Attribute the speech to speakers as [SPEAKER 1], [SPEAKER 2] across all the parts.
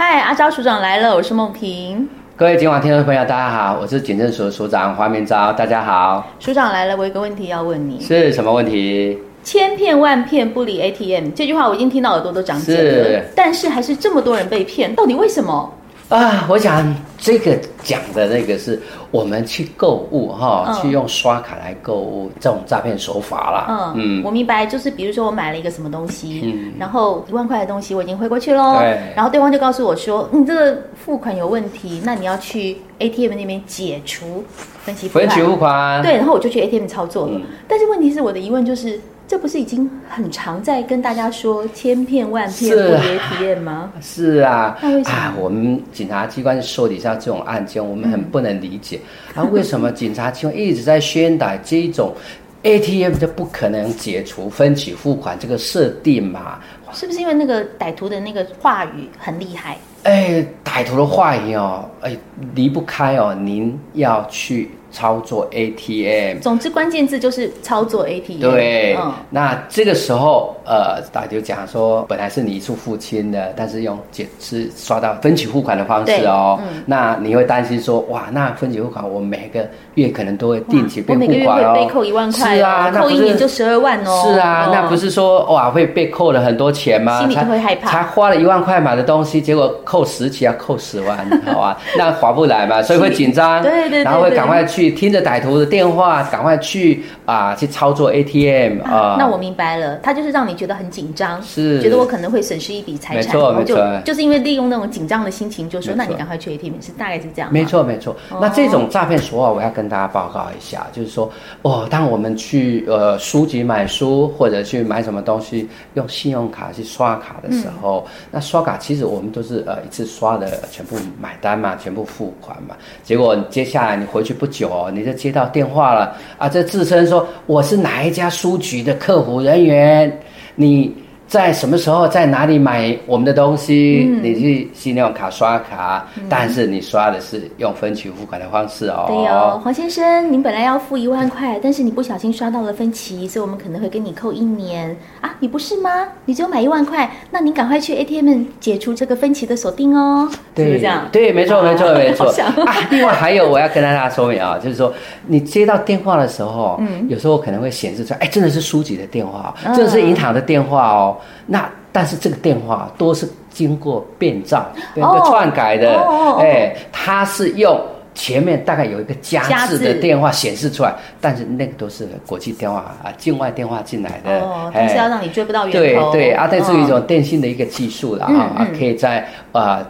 [SPEAKER 1] 嗨，Hi, 阿昭署長來了，我是孟平。
[SPEAKER 2] 各位今晚聽眾朋友，大家好，我是警政署的署長黃明昭，大家好。
[SPEAKER 1] 署長來了，我有個問題要問你，
[SPEAKER 2] 是什麼問題？
[SPEAKER 1] 千騙萬騙不離 ATM，這句話我已經聽到耳朵都長繭了，是但是還是這麼多人被騙，到底為什麼？
[SPEAKER 2] 啊，我想這個講的那個是我們去購物哈，嗯、去用刷卡來購物這種詐騙手法啦。嗯，嗯，我
[SPEAKER 1] 明白，就是比如說我買了一個什麼東西，嗯、然後一萬塊的東西我已經匯過去嘍。對，然後對方就告訴我說，你，嗯、這個付款有問題，那你要去 ATM 那邊解除分期付款。分期付款。對，然後我就去 ATM 操作了，嗯、但是問題是我的疑問就是。這不是已經很常在跟大家說，千騙萬騙不離 ATM？嗎
[SPEAKER 2] 是、啊？是啊，啊，啊我們警察機關受理一下這種案件，我們很不能理解、嗯、啊？為什麼警察機關一直在宣導這種 ATM 就不可能解除分期付款這個設定嘛？
[SPEAKER 1] 是不是因為那個歹徒的那個話語很厲害？
[SPEAKER 2] 哎，歹徒的話語哦，哎，離不開哦。您要去操作 ATM，
[SPEAKER 1] 總之關鍵字就是操作 ATM。對，嗯、
[SPEAKER 2] 那這個時候呃，歹徒講說，本來是你一次付清的，但是用解釋刷到分期付款的方式哦，嗯、那你會擔心說，哇，那分期付款我每個月可能都會定期被扣款，哦，我每個月會被扣
[SPEAKER 1] 一萬塊，是啊、哦，扣一年就十二萬哦，哦是啊，吧那不
[SPEAKER 2] 是說哇會被扣了很多錢。錢嗎，心裡會害怕。他花了一萬塊買的東西，結果扣十期要扣十萬，好啊，那划不來嘛，所以會緊張，對對對，然後會趕快去聽着歹徒的電話，趕快去啊，去操作 ATM 啊。那我
[SPEAKER 1] 明白了，他就是讓你覺得很緊張，是，覺得我可能會損失一筆財產，沒錯沒錯，就是因為利用那種緊張的心情，就說那你趕快去 ATM，是大概是這樣。沒
[SPEAKER 2] 錯沒錯，那這種詐騙手法我要跟大家報告一下，就是說哦，當我們去呃書籍買書或者去買什麼東西用信用卡。去刷卡的時候，嗯、那刷卡其實我們都是呃一次刷的全部買單嘛，全部付款嘛。結果接下來你回去不久，哦，你就接到電話了啊！這自稱說我是哪一家書局的客服人員，你。在什麼時候，在哪裡買我們的東西？你去信用卡刷卡，但是你刷的是用分期付款的方式哦。對哦，
[SPEAKER 1] 黃先生，您本來要付一萬塊，但是你不小心刷到了分期，所以我們可能會跟你扣一年啊。你不是嗎？你只有買一萬塊，那您趕快去 ATM 解除這個分期的鎖定哦。是不是這樣？
[SPEAKER 2] 對，沒錯，沒錯，沒錯啊。另外還有我要跟大家說明啊，就是說你接到電話的時候，嗯，有時候可能會顯示出來，哎，真的是書籍的電話，真的是銀行的電話哦。那但是這個電話都是經過變造、變個、哦、篡改的，哎、哦欸，它是用前面大概有一個加字的電話顯示出來，加字。但是那個都是國際電話啊，境外電話進來的，哎、哦，是要
[SPEAKER 1] 讓你追不到源頭。欸、對對，啊，哦、這是一種
[SPEAKER 2] 電信的一個技術了、嗯、啊，可以在啊，呃、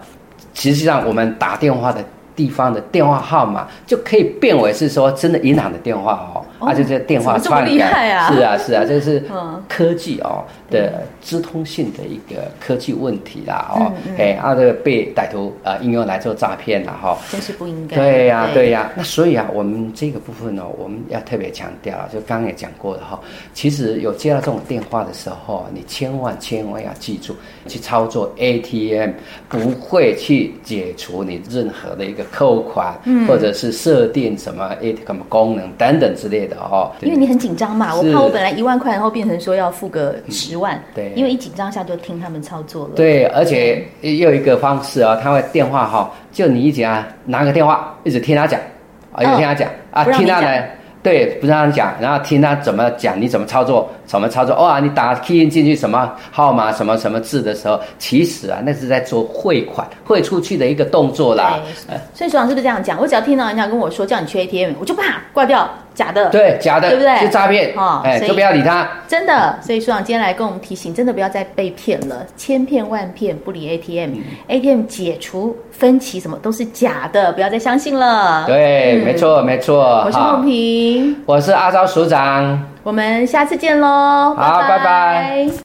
[SPEAKER 2] 實際上我們打電話的地方的電話號碼就可以變為是說真的銀行的電話哦。啊，就是電話串的，啊啊，是啊，是啊，這是科技哦的資通訊的一個科技問題啦，哦、嗯，哎、嗯欸，啊，這個被歹徒啊、呃、應用來做詐騙了哈，
[SPEAKER 1] 這是不應該、啊，對呀、
[SPEAKER 2] 啊，對呀，那所以啊，我們這個部分呢，喔，我們要特別強調，就剛剛也講過的哈、喔，其實有接到這種電話的時候，你千萬千萬要記住，去操作 ATM 不會去解除你任何的一個扣款，嗯，或者是設定什麼 ATM 功能等等之類的。因為你
[SPEAKER 1] 很緊張嘛，是我怕我本來一萬塊，然後變成說要付個十萬，嗯。對，因為一緊張下就聽他們操作了。對，對，
[SPEAKER 2] 而且又有一個方式啊，他會電話哈、啊，就你一直啊拿個電話，一直聽他講，啊、哦，一直聽他講啊，講聽他來，對，不讓他講，然後聽他怎麼講，你怎麼操作，怎麼操作。哦、啊、你打 key in 進去什麼號碼，什麼什麼字的時候，其實啊，那是在做匯款匯出去的一個動作啦。
[SPEAKER 1] 所以署長是不是這樣講？我只要聽到人家跟我說叫你去 ATM，我就啪掛掉。假的，對，假的，對不對？就詐騙，哦，哎，就不要理他。真的，所以署長今天來跟我們提醒，真的不要再被騙了，千騙萬騙不離 ATM，ATM 解除分期什麼都是假的，不要再相信了。對，沒錯，
[SPEAKER 2] 沒錯。我是孟平，我是阿昭署長，
[SPEAKER 1] 我們下次見嘍，好，拜拜。